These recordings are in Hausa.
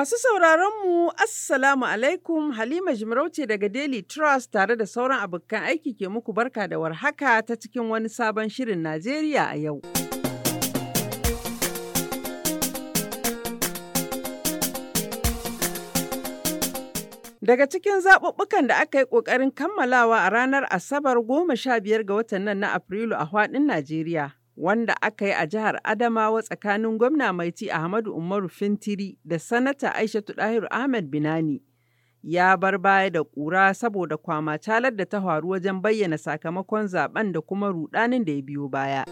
Masu sauraronmu, Assalamu alaikum, Halima Jimarauce daga Daily Trust tare da sauran abokan aiki ke muku barka da warhaka ta cikin wani sabon shirin Najeriya a yau. Daga cikin zaɓuɓɓukan da aka yi ƙoƙarin kammalawa a ranar Asabar goma sha biyar ga watan nan na Afrilu a faɗin Najeriya, wanda aka yi a jihar Adamawa tsakanin gwamna mai ci Ahmadu Umaru Fintiri da sanata Aishatu Dahiru Ahmed Binani ya bar baya da ƙura saboda kwama calar da ta faru wajen bayyana sakamakon zaben da kuma rudanin da ya biyo baya.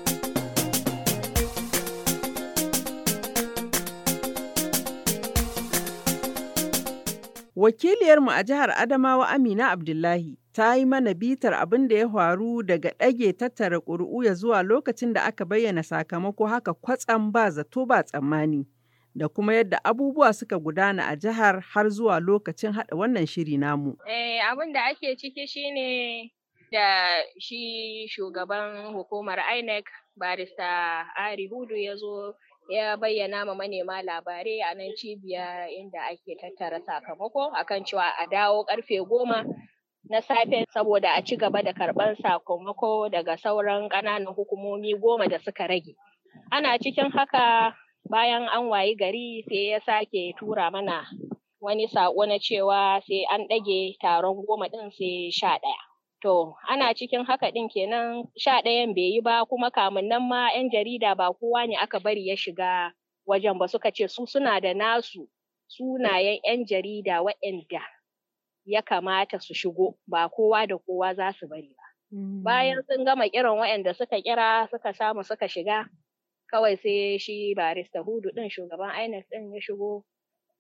Wakiliyarmu a jihar Adamawa Amina Abdullahi ta yi mana bitar abin da ya faru daga ɗage tattara ƙuri'u ya zuwa lokacin da aka bayyana sakamako haka kwatsam ba zato ba tsammani da kuma yadda abubuwa suka gudana a jihar har zuwa lokacin haɗa wannan shiri namu. Eh, abin da ake ciki shine da shi shugaban hukumar INEC barista Ari Hudu ya zo ya bayyana ma manema labarai a nan cibiya inda ake tattara sakamako akan cewa a dawo karfe goma na safe saboda a ci gaba da karɓar sakamako daga sauran ƙananan hukumomi goma da suka rage. Ana cikin haka bayan an wayi gari sai ya sake tura mana wani saƙo na cewa sai an ɗage taron goma ɗin sai sha ɗaya. To, ana cikin haka ɗin kenan sha ɗayan bai yi ba kuma kamun nan ma 'yan jarida ba kowa ne aka bari ya shiga wajen ba suka ce su suna da nasu sunayen 'yan jarida waɗanda ya kamata su shigo ba kowa da kowa za su bari ba. Mm. Bayan sun gama kiran waɗanda suka kira suka samu suka shiga kawai sai shi barista hudu ɗin shugaban INEC ɗin ya shigo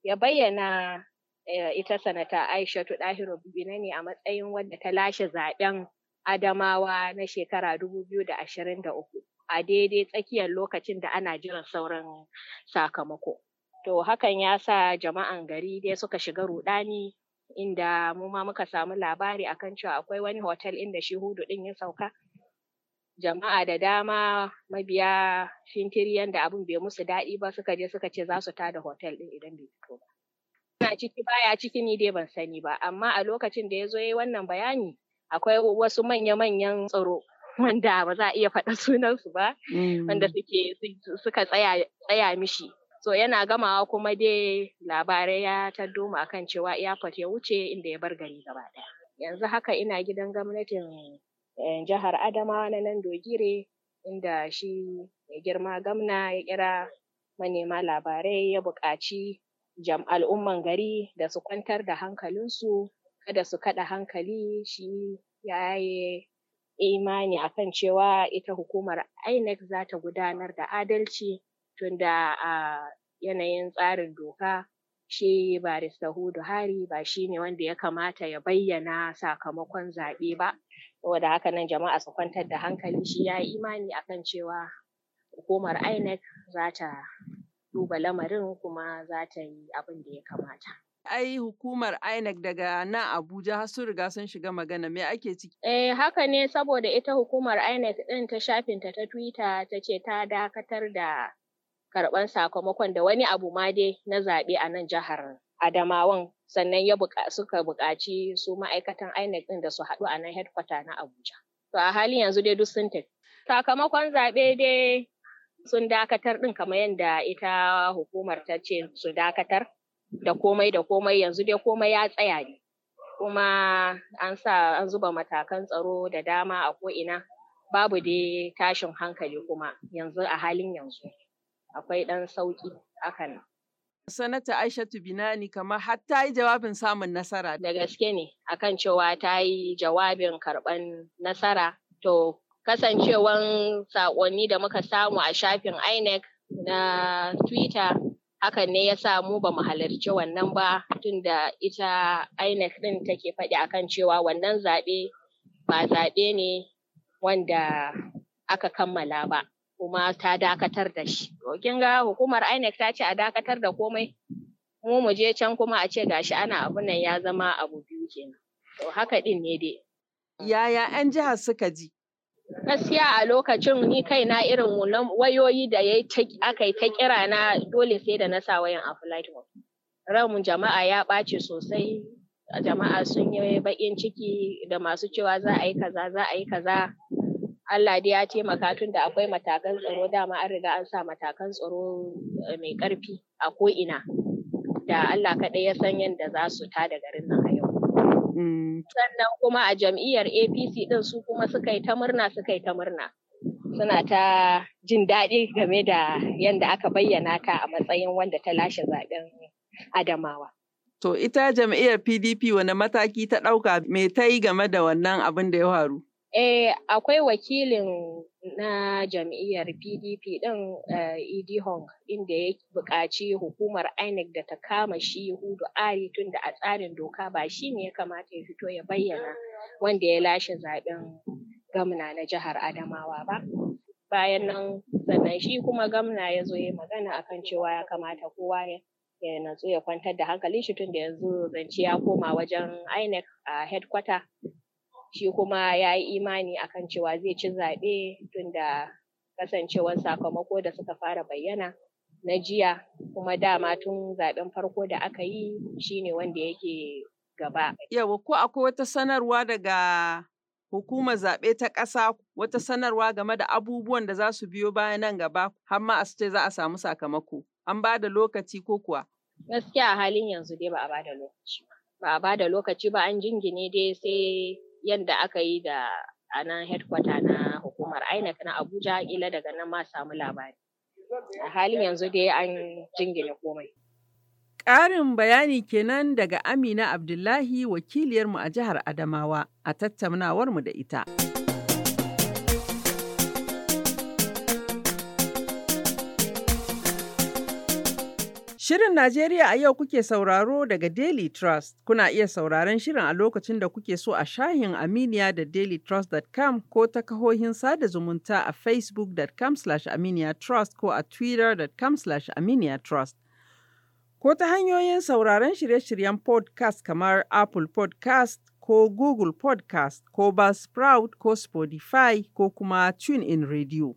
ya bayyana eh, ita sanata Aishatu Bibina Binani a matsayin wadda ta lashe zaben Adamawa na shekara da da ashirin uku. a daidai tsakiyar lokacin da ana jiran sauran sakamako. To hakan ya sa jama'an gari dai suka shiga rudani inda mu ma muka samu labari akan cewa akwai wani hotel inda shi hudu ɗin ya sauka. Jama'a da dama mabiya fintiri yanda abin bai musu daɗi ba suka je suka ce za su tada hotel ɗin idan bai fito ba. Ina ciki baya ciki ni dai ban sani ba, amma a lokacin da ya zo ya yi wannan bayani akwai wasu manya-manyan tsaro wanda ba za a iya faɗa sunansu ba, wanda mm. suka tsaya mishi So yana gamawa kuma dai labarai ya tandoma akan cewa airport ya wuce inda ya bar gari gaba ɗaya. Yanzu haka ina gidan gwamnatin eh, jihar Adamawa na nan Dogire inda shi mai girma gamna ya kira manema labarai ya buƙaci al'umman gari da su kwantar da hankalinsu kada su kaɗa hankali shi ya yi imani akan cewa ita hukumar INEC za ta gudanar da adalci tunda a yanayin tsarin doka shi barista Hudu Hari ba shi ne wanda ya kamata ya bayyana sakamakon zaɓe ba. Saboda haka nan jama'a su kwantar da hankali shi ya yi imani a kan cewa hukumar INEC za ta duba lamarin kuma za ta yi abin da ya kamata. Ai hukumar INEC daga nan Abuja har sun riga sun shiga magana me ake ciki? Eh haka ne saboda ita hukumar INEC ɗin ta shafinta ta Twitter ta ce ta dakatar da karɓan sakamakon da wani abu ma dai na zaɓe a nan jihar Adamawan sannan ya suka buƙaci su ma'aikatan INEC ɗin da su haɗu a nan headquarter na Abuja. To a halin yanzu dai duk sun tafi. Sakamakon zaɓe dai sun dakatar ɗin kamar yadda ita hukumar ta ce su dakatar da komai da komai yanzu dai komai ya tsaya ne. Kuma an sa an zuba matakan tsaro da dama a ko'ina babu dai tashin hankali kuma yanzu a halin yanzu. akwai ɗan sauƙi hakan. Sanata Aishatu Binani kamar har ta yi jawabin samun nasara. Da gaske ne akan cewa ta yi jawabin karɓan nasara. To kasancewan saƙonni da muka samu a shafin INEC na Twitter hakan ne ya mu ba mu halarci wannan ba tun da ita INEC ɗin take faɗi akan cewa wannan zaɓe ba zaɓe ne wanda aka kammala ba. kuma ta dakatar da shi. To kin ga hukumar INEC ta ce a dakatar da komai mu mu je can kuma a ce gashi ana abun nan ya zama abu biyu kenan. To haka din ne dai. Yaya 'yan jihar suka ji? Gaskiya a lokacin ni kai na irin wayoyi da ya aka yi ta kira na dole sai da na sa wayan a flight mode. Ramin jama'a ya ɓaci sosai, jama'a sun yi baƙin ciki da masu cewa za a yi kaza za a yi kaza Allah dai ya taimaka tun da akwai matakan tsaro dama an riga an sa matakan tsaro eh, mai ƙarfi a ko'ina da Allah kaɗai ya san yadda za su ta da garin nan a yau. Mm. Sannan kuma a jam'iyyar APC ɗin su kuma suka yi ta murna suka yi ta murna. Suna ta jin daɗi game da yadda aka bayyana ta a matsayin wanda ta lashe zaɓen Adamawa. To ita jam'iyyar PDP wani mataki ta ɗauka me ta yi game da wannan abin da ya faru? Eh, akwai wakilin na jam'iyyar PDP ɗin Idi eh, Hong inda ya buƙaci hukumar INEC da ta kama shi Hudu Ari tunda a tsarin doka ba shi ne ya kamata ya fito ya bayyana wanda ya lashe zaɓen gamna na jihar Adamawa ba. Bayan nan sannan shi kuma gamna ya zo ya magana akan cewa ya kamata kowa ya ya natsu ya kwantar da hankalin shi tun da yanzu zance ya koma wajen INEC a headquarter shi kuma ya yi imani akan cewa zai ci zaɓe tun da kasancewar sakamako da suka fara bayyana na jiya kuma dama tun zaɓen farko da aka yi shine wanda yake gaba. Yawa ko akwai wata sanarwa daga hukumar zaɓe ta ƙasa wata sanarwa game da abubuwan da za su biyo bayan nan gaba har ma a ce za a samu sakamako an ba da lokaci ko kuwa. Gaskiya a halin yanzu dai ba a ba da lokaci ba. Ba a ba da lokaci ba an jingine dai sai yadda aka yi da a nan headquarter na hukumar INEC na Abuja kila daga nan ma samu labari. A halin yanzu dai an jingine komai. Ƙarin bayani kenan daga Amina Abdullahi wakiliyarmu a jihar Adamawa a tattaunawarmu da ita. Shirin Najeriya a yau kuke sauraro daga Daily Trust. Kuna iya sauraron shirin a lokacin da kuke so a shahin Aminiya da dailytrust.com ko ta kahohin sada zumunta a facebookcom aminiyatrust ko a twittercom aminiyatrust Ko ta hanyoyin sauraron shirye-shiryen podcast kamar Apple Podcast ko Google Podcast ko Buzzsprout ko Spotify ko kuma TuneIn Radio.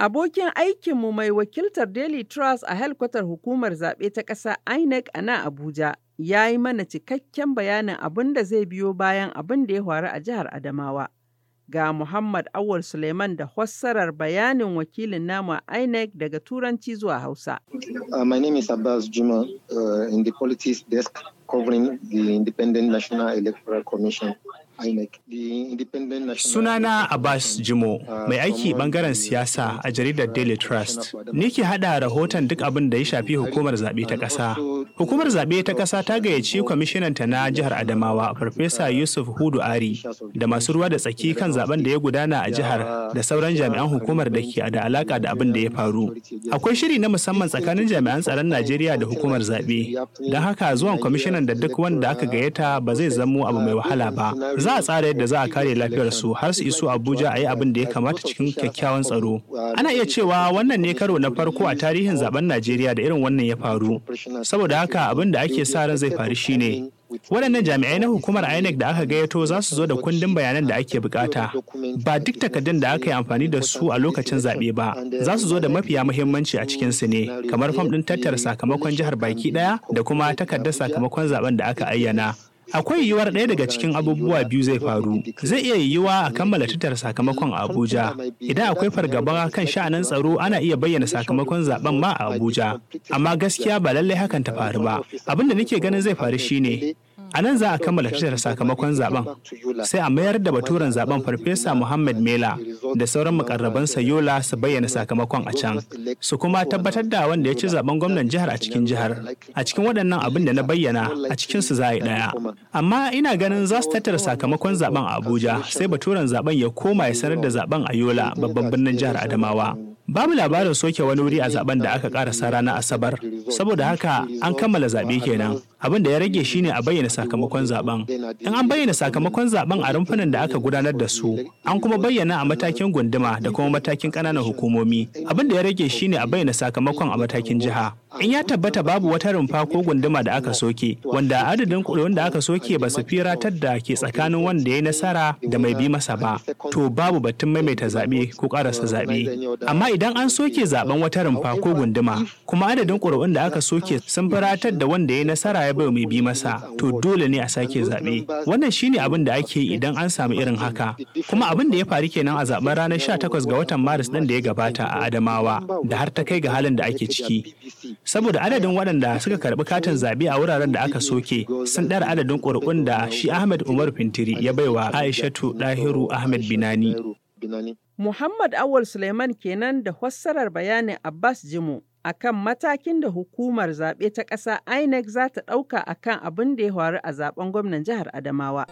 Abokin aikinmu mai wakiltar Daily Trust a helkwatar hukumar zaɓe ta ƙasa INEC a nan Abuja ya yi mana cikakken bayanin abin da zai biyo bayan abin da ya faru a jihar Adamawa. Ga Muhammad Awal Suleiman da fassarar bayanin wakilin namu a INEC daga Turanci zuwa Hausa. Uh, my name is Abbas Juma uh, in the politics desk covering the Independent National Electoral Commission. Sunana Abbas Jimo, mai aiki bangaren siyasa a jaridar Daily Trust. Ni ke haɗa rahoton duk abin da ya shafi hukumar zaɓe ta ƙasa. Hukumar zaɓe ta ƙasa ta gayyaci kwamishinanta na jihar Adamawa, Farfesa Yusuf Hudu Ari, da masu ruwa da tsaki kan zaben da ya gudana a jihar da sauran jami'an hukumar da ke da alaƙa da abin da ya faru. Akwai shiri na musamman tsakanin jami'an tsaron Najeriya da hukumar zaɓe. Don haka zuwan kwamishinan da duk wanda aka gayyata ba zai zamo abu mai wahala ba. Za a tsara yadda za a kare lafiyar su, har su isu Abuja a yi abin da ya kamata cikin kyakkyawan tsaro. Ana iya cewa wannan ne karo na farko a tarihin zaben Najeriya da irin wannan ya faru. Saboda haka abin da ake sa ran zai faru shi ne waɗannan jami'ai na hukumar inec da aka gayyato za su zo da kundin bayanan da ake bukata ba duk takardun da aka yi amfani da su a lokacin zaɓe ba za su zo da mafiya muhimmanci a cikinsu ne kamar fam ɗin tattara sakamakon jihar baki ɗaya da kuma takardar sakamakon zaben da aka ayyana Akwai yiwuwar ɗaya daga cikin abubuwa biyu zai faru. Zai iya yiwuwa a kammala tattara sakamakon a Abuja. Idan akwai fargaba kan sha'anin tsaro ana iya bayyana sakamakon zaben ma a Abuja. Amma gaskiya ba lallai hakan ta faru ba. Abinda da nake ganin zai faru shine A nan za a kammala shirar sakamakon zaben sai a mayar da baturen zaben Farfesa Muhammad Mela da sauran makarrabansa Yola su bayyana sakamakon a can su kuma tabbatar da wanda ya ci zaben gwamnan jihar a cikin jihar a cikin waɗannan abin da na bayyana a cikin su za a yi ɗaya. Amma ina ganin za su tattara sakamakon zaben a Abuja sai baturen zaben ya koma ya sanar da zaben a Yola babban birnin jihar Adamawa. Babu labarin soke wani wuri a zaben da aka ƙarasa ranar Asabar, saboda haka an kammala zaɓe kenan. abin da ya rage shine a bayyana sakamakon zaben in an bayyana sakamakon zaben a rumfunan da aka gudanar da su an kuma bayyana a matakin gunduma da kuma matakin ƙananan hukumomi abin da ya rage shine a bayyana sakamakon a matakin jiha in ya tabbata babu wata rumfa ko gunduma da aka soke wanda adadin kuɗin da aka soke ba su firatar da ke tsakanin wanda ya yi nasara da mai bi masa ba to babu batun maimaita zaɓe ko ƙarasa zaɓe amma idan an soke zaben wata rumfa ko gunduma kuma adadin ƙuri'un da aka soke sun firatar da wanda ya nasara ya bai mai bi masa to dole ne a sake zaɓe wannan shine abin da ake yi idan an samu irin haka kuma abin da ya faru kenan a zaben ranar 18 ga watan maris ɗin da ya gabata a adamawa da har ta kai ga halin da ake ciki saboda adadin waɗanda suka karɓi katin zaɓe a wuraren da aka soke sun ɗara adadin ƙuri'un da shi ahmed umar fintiri ya baiwa aishatu ɗahiru ahmed binani Muhammad Awal Suleiman kenan da fassarar bayanin Abbas Jimo. a kan matakin da hukumar zaɓe ta ƙasa INEC za ta ɗauka a kan abin da ya faru a zaɓen gwamnan jihar Adamawa.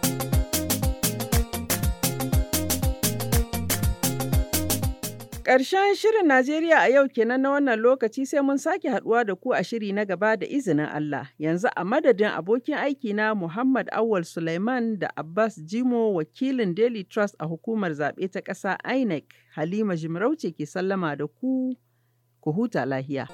Ƙarshen shirin Najeriya a yau kenan na wannan lokaci sai mun sake haɗuwa da ku a shiri na gaba da izinin Allah. Yanzu a madadin abokin aiki na Muhammad Awal suleiman da Abbas Jimo wakilin Daily Trust a hukumar zaɓe ta ƙasa INEC, Halima Jimarauce ke sallama da ku. Ku huta lahiya.